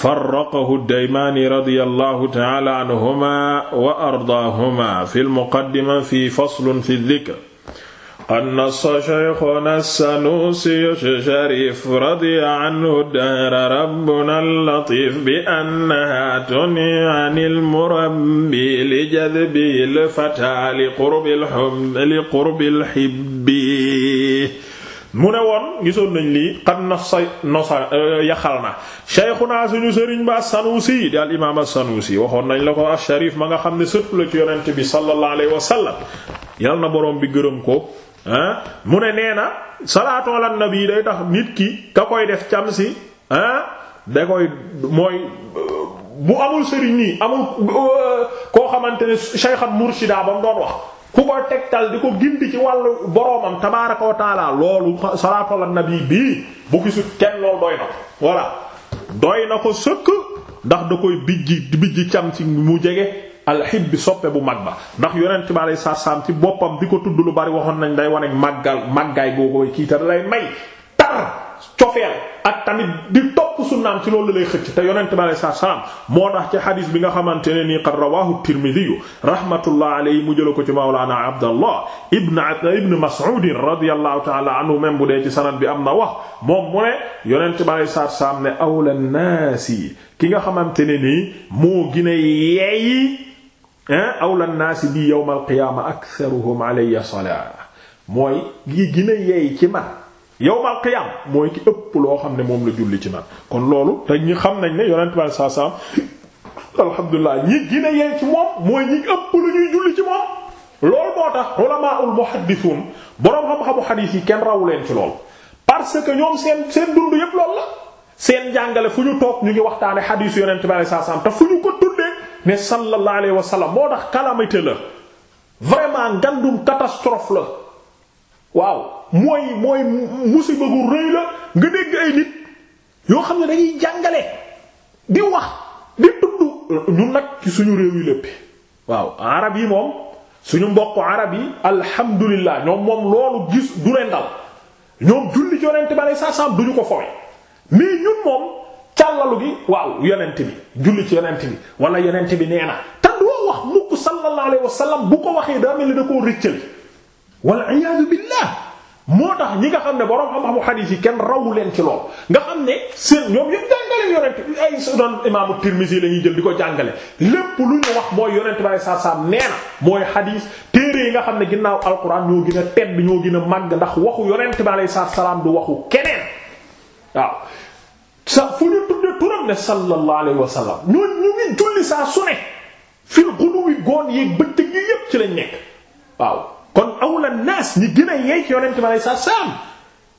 farraqahu daymaani radiyallahu ta'ala anhuma wa ardaahuma fil muqaddima fi faslun fi dhikr qad nassa shaykhuna as-Sanusi Sharif radiya anhu dahra rabbuna al-latif bi annaha tuni anil murabbi li jadbi al-fata li qurbil hubbi mu ne woon gisoon nañ lii xat nosa nosa euh, yaxal na shaykhuna suñu sëriñ ba as si di al imaam as-Sanusi waxoon nañ la ko as-Sharif ma nga xam ne sëtu la ci yonent bi sallallahu alayhi wa sallam yal na bi gërëm ko mu ne nee na salaatu ala nabi day tax nit ki ka koy def cam si ah da koy mooy bu amul sëriñ nii amul euh, koo xamante ne shaykhan murshida ba mu doon wax ku koy tegtal di ko gindi ci wàllu boroomam tabaaraka wa taala loolu salaatu ala nabi bii bu gisut kenn loolu doy na ko voilà doy na ko sëkk ndax da koy bijji bijji cam ci mu jege alxib bi soppe bu mag ba ndax yonent bi alay saa saam ci boppam di ko tudd lu bari waxoon nañ day wane màggal màggaay boo koy kii te lay may tar cofeel ak tamit di topp sunnaam ci loolu lay xëcc te yonent bi alayhi salaam moo tax ci xadis bi nga xamante ne nii qad rawahu Tirmidhi rahmatullah alayhi mu jëla ko ci mawlaana Abdallah ibn ibn Mas'ud radiyallahu ta'ala anhu même bu dee ci sanad bi am na wax moom moo ne yonent bi alayhi salaam ne awla naasi ki nga xamante ne nii moo gën a yeey awla naasi bi yawmal qiyaama aktharuhum alayya salaa mooy gi gën a yowmal qiyam mooy ki ëpp loo xam ne moom la julli ci nag kon loolu te ñi xam nañ ne yonent bi saa saam alhamdulilah ñi gina yee ci moom mooy ñi ëpp lu ñuy julli ci moom. lool moo tax ulamaul muhaddithun boroom xam-xamu xadiis yi kenn rawu leen ci lool parce que ñoom seen seen dund yépp lool la seen jàngale fu ñu toog ñu ngi waxtaane xadiisu yonent bi saa saam te fu ñu ko tuddee ne sallallahu alayhi moo tax calamité la vraiment ngandum catastrophe la mooy mooy musiba gu rëy la nga dégg ay nit yoo xam ne dañuy jàngale di wax di tudd ñun nag ci suñu réew yi lépp waaw arab yi moom suñu mbokk arab yi alhamdulillah ñoom moom loolu gis du leen ñoom julli ci yonent bi aleyhi salaatu salaam duñu ko fowe mais ñun moom càllalu gi waaw yonent bi julli ci yonent bi wala yonent bi nee na te doo wax mukk sallallahu alayhi bu ko waxee daa mel ni da koo rëccali wal iyaadu billah moo tax ñi nga xam ne borom xam-xamu xadiis yi kenn rawu leen ci lool nga xam ne seen ñoom yëpp jàngale yonent ay sunan imaamu Tirmizi la ñuy jël di ko jàngale lépp lu ñu wax mooy yonent ba sa saa nee na mooy xadiis téere yi nga xam ne ginnaaw alquran ñoo gën a tedd ñoo gën a màgg ndax waxu yonent bi sa salaam du waxu keneen waaw sa fu ñu tudde turam ne sallallahu alayhi wa sallam ñu ngi julli saa su ne fil ghuduwi goon yéeg yi yépp ci lañ waaw kon awla naas ñi gën a yeey ci yonent bi aleyhi salaam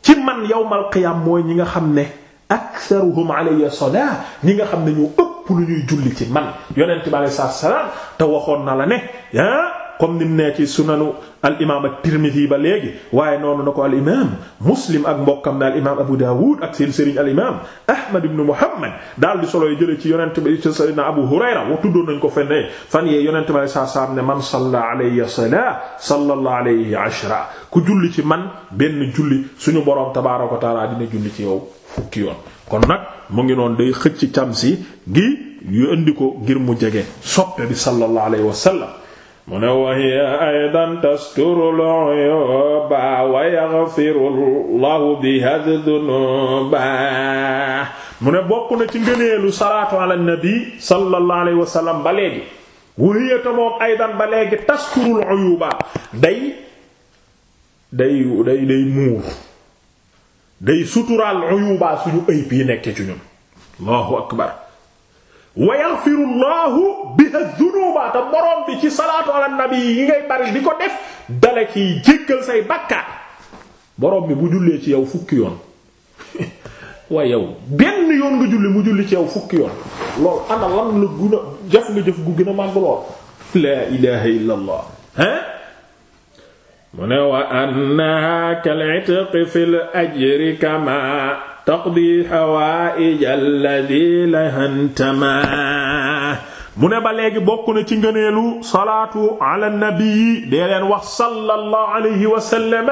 ci man yawmal qiyaam mooy ñi nga xam ne aktharuhum alayya salaa ñi nga xam ne ñoo ëpp lu ñuy julli ci man yonent bi aleyhi salaam te waxoon na la ne ah. comme ni nee ci sunanu al imaam at-Tirmidhi ba léegi waaye noonu na ko al imaam Muslim ak mbokkam ne al imaam Abu Dawud ak seen sëriñ al imaam Ahmad ibn Muhammad daal di solo jële ci yonent bi ci sayyidina Abu Hurayra wa tuddoon nañ ko fenne fan yee yonent bi saa saa ne man salla alayya salaa sallallahu alayhi ashra ku julli ci man benn julli suñu borom tabaaraka wa taala dina julli ci yow fukki yoon kon nag mu ngi noonu day xëcc cam si gi yu indi ko ngir mu jege soppe bi sallallahu alayhi wa sallam mu ne wa hiya aydan tasturu al-uyuba wa yaghfiru mu ne bokk na ci ngëneelu salaatu ala nabi sallallahu alayhi wa sallam ta moom aydan ba day day day day muur day suturaal uyuba suñu ayib yi nekk ci ñun Allahu akbar wa yaghfiru di ko def dale ki jéggal say bakkaar borom bi ci yow fukki yoon waaye benn yoon nga julli mu julli ci yow fukki yoon loolu ana lan la gën a jëf nga jëf gu gën màgg lool laa ilaha illa hein mu ne wa annaha kal itqi fil ajri kama taqdi hawaa'ij mu ne ba léegi bokk na ci ngëneelu salaatu ala nabii dee leen wax sallallahu alayhi wa sallam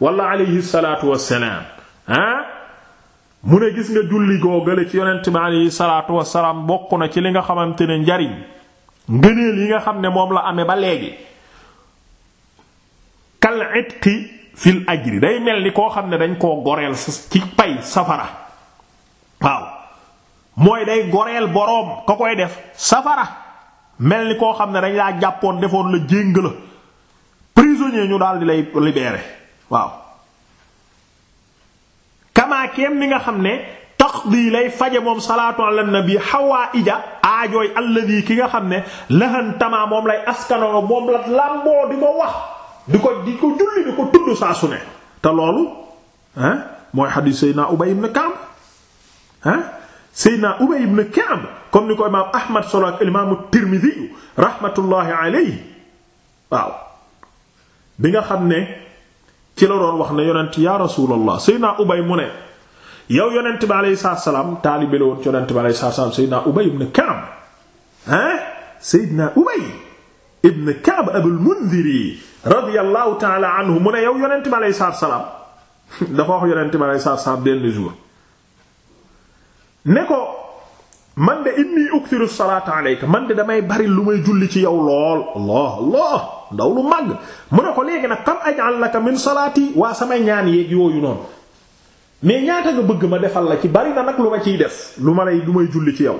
wala alayhi salaatu wa salaam ah mu ne gis nga julli googale ci yonent bi alayhi salaatu wa na ci li nga xamante ne njariñ ngëneel yi nga xam ne moom la amee ba léegi kal itqi fil ajri day mel ni koo xam ne dañ koo goreel ci pay safara waaw mooy day goreel boroom ka koy def safara mel ni koo xam ne dañ laa jàppoon defoon la jéng la prisonnier ñu daal di lay libéré waaw kamaa kem nga xam ne tax taqdi lay faje moom salaatu ala nabi hawaija aajooy alladi ki nga xam ne lahan tamaa moom lay askanoo moom la làmboo di ma wax di ko di ko julli di ko tudd saa ne te loolu ah mooy xadiis Seydina Ubay ibn Ka'b ah Seydina Ubay ibn Ka'b comme ni nga xam ne ci la wax ne yonent yaa rasuulallah Seydina Ubay mu ne yow yonent bi alayhi bi alayhi salaam Seydina Ubay ibn radiyallahu taala anhu mu ne yow yonent bi aleyhi salaatu salaam dafa wax yonent bi aleyhi salaatu salaam benn jour ne ko man de inni ukthiru damay bari lu may julli ci yow lool allah allah ndaw lu màgg mu ne ko léegi nag kam aj'al laka min salaati waa samay ñaan yeeg yooyu noonu mais ñaata nga bëgg ma defal la ci bari na nag lu ma ciy def lu ma lay lu may julli ci yow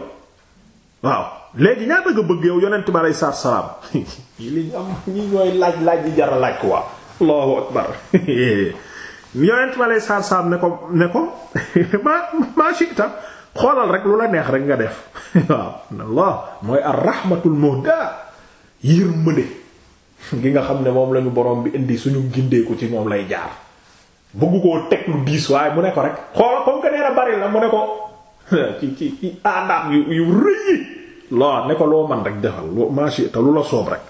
waaw léegi ñaata nga bëgg yow yonent bi aleyhi salaatu wa salaam li ñu am ñi ñooy laaj laaj yi jar a laaj quoi Allahu akbar yonent bi aleyhi salaatu salaam ne ko ne ko ma ma shi'ta xoolal rek lu la neex rek nga def waaw Allah mooy ar-rahmatul muhda yërmande gi nga xam ne moom lañu borom bi indi suñu gindeeku ci moom lay jaar bëgg koo teg lu diis waaye mu ne ko rek xoolal comme que nee na bari la mu ne ko ci ci ci aadaam yu yu rëy laa ne ko loo man rek defal loo maa lu la soob rek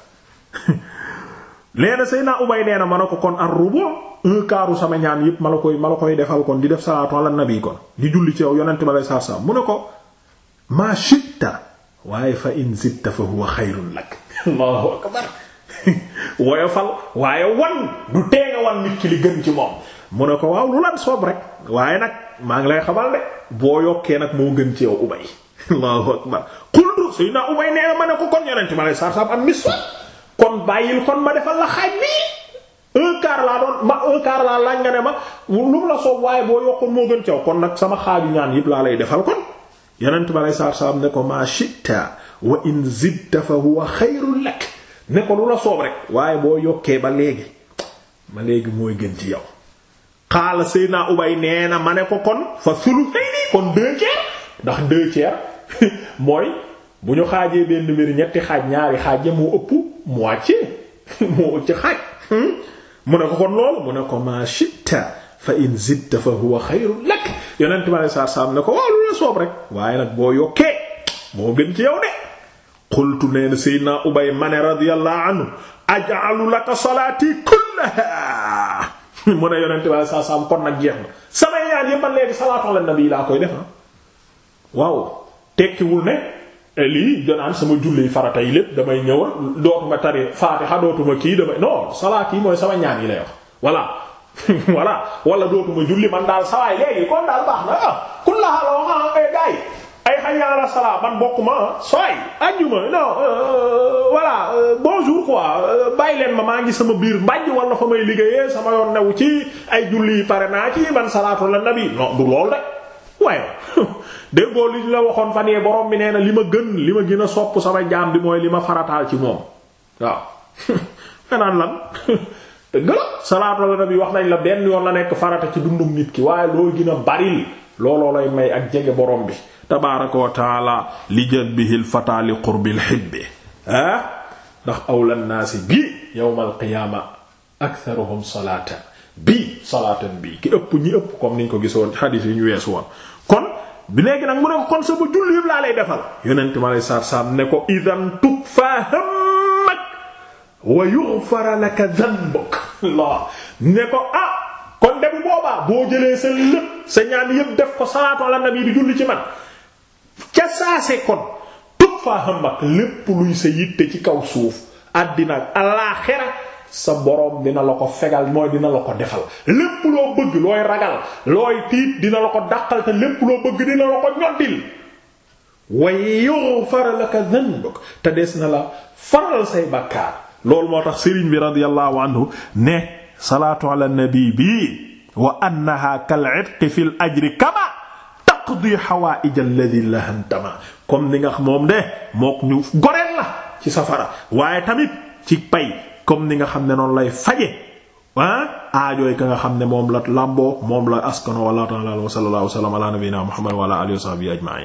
nee na sëy naa ubay nee na ma ne ko kon ar rubu un sama ñaan yépp ma la koy ma la koy defal kon di def salaatu ala nabi kon di julli ci yow yonent ba lay saar saar mu ne ko maa shitta waaye fa in fa huwa xayrun lak allahu akbar woyofal waaye wan du tee nga wan nit ki li gën ci moom mu ne ko waaw lu lan soob rek waaye nag maa ngi lay xamal de boo yokkee nag moo gën ci yow ubay allahu akbar ne ko kon ma lay sarsam kon ma defal la xaaj bi un quart laa moo gën kon nag sama xaaju ñaan yëpp laa lay defal kon yonent ma lay sarsam ne ko maa shi'ta ko lu la waaye boo yokkee ba léegi ma léegi mooy gën ci yow xaala Seydina Ubay nee na ma ne ko kon fa sulu nii kon deux ndax deux mooy bu ñu xaajee benn mbir ñetti xaaj ñaari xaaj ya moo ëpp moitié moo ci xaaj hmm? mu ne ko kon loolu mu ne ko ma shitta fa in zidta fa huwa xayrun lak yonent bi ne ko waaw rek waaye nag boo yokkee moo gën na Seydina ma ne radiyallahu anhu aj'alu laka salaati kullaha mu ne yonent na sama laa koy def ah. waaw tekkiwul ne eh, lii danaan sama julli farata yi lépp damay ñëwal dootuma tari faatixa dootuma kii damay non salaat yi mooy sama ñaan yi lay wax voilà voilà wala dootuma julli man daal sawaay léegi kon daal baax na ah, kun la wax ah eh, ay ay xayaala salaa man bokk ma ah, sawaay ajjuma non euh, euh, voilà euh, bonjour quoi bàyyi leen ma maa ngi sama biir mbàjj wala fa may liggéeyee sama yoon new ci ay julli pare naa ci man salaatu la nabi non du lool rek waaye déggoo li ñu la waxoon fan yee borom bi nee na li ma gën li ma gën a sopp sama jaam bi mooy li ma farataal ci moom waaw nga lan dëgg la salaatu wax nañ la benn yoon la nekk farata ci dundum nit ki waaye loo gën a baril looloo lay may ak jege borom bi tabaaraka wa taala li jadbihil fataali li qurbil hibbi ah ndax awla naasi bi yawmal qiyaama aktharuhum salaatan bi salaatan bi ki ëpp ñi ëpp comme niñ ko gisoon xadiis yi ñu wees woon bi léegi nag mu ne ko kon sama julli yëpp laa lay defal yonent ma lay saar saam ne ko idan tukfa hammak wa yughfar laka dhanbuk Allah ne ko ah kon debu boobaa boo jëlee sa lépp sa ñaan yëpp def ko salaatu ala nabi di julli ci man ca saase kon tukfa hammak lépp luy sa yitte ci kaw suuf àddina ak alaaxira sa boroom dina la ko fegal mooy dina la ko defal lépp loo bëgg looy ragal looy tiit dina la ko dàqal te lépp loo bëgg dina la ko ñoddil wa yughfar laka dhanbuk te des na la faral say bàkkaar loolu moo tax sëriñ bi radiyallahu anhu ne salaatu ala nabi bi wa annaha kal itqi fil ajri kama taqdi hawaa'ij alladhi lahantama comme ni nga moom de mook ñu goreel la ci safara waaye tamit ci pay comme ni nga xam ne noonu lay faje ah aajooy ka nga xam ne moom la làmboo moom la askano wallahu ta'ala wa sallallahu wa sa ala nabiyyina muhammad wa ala alihi wa sahbihi ajma'in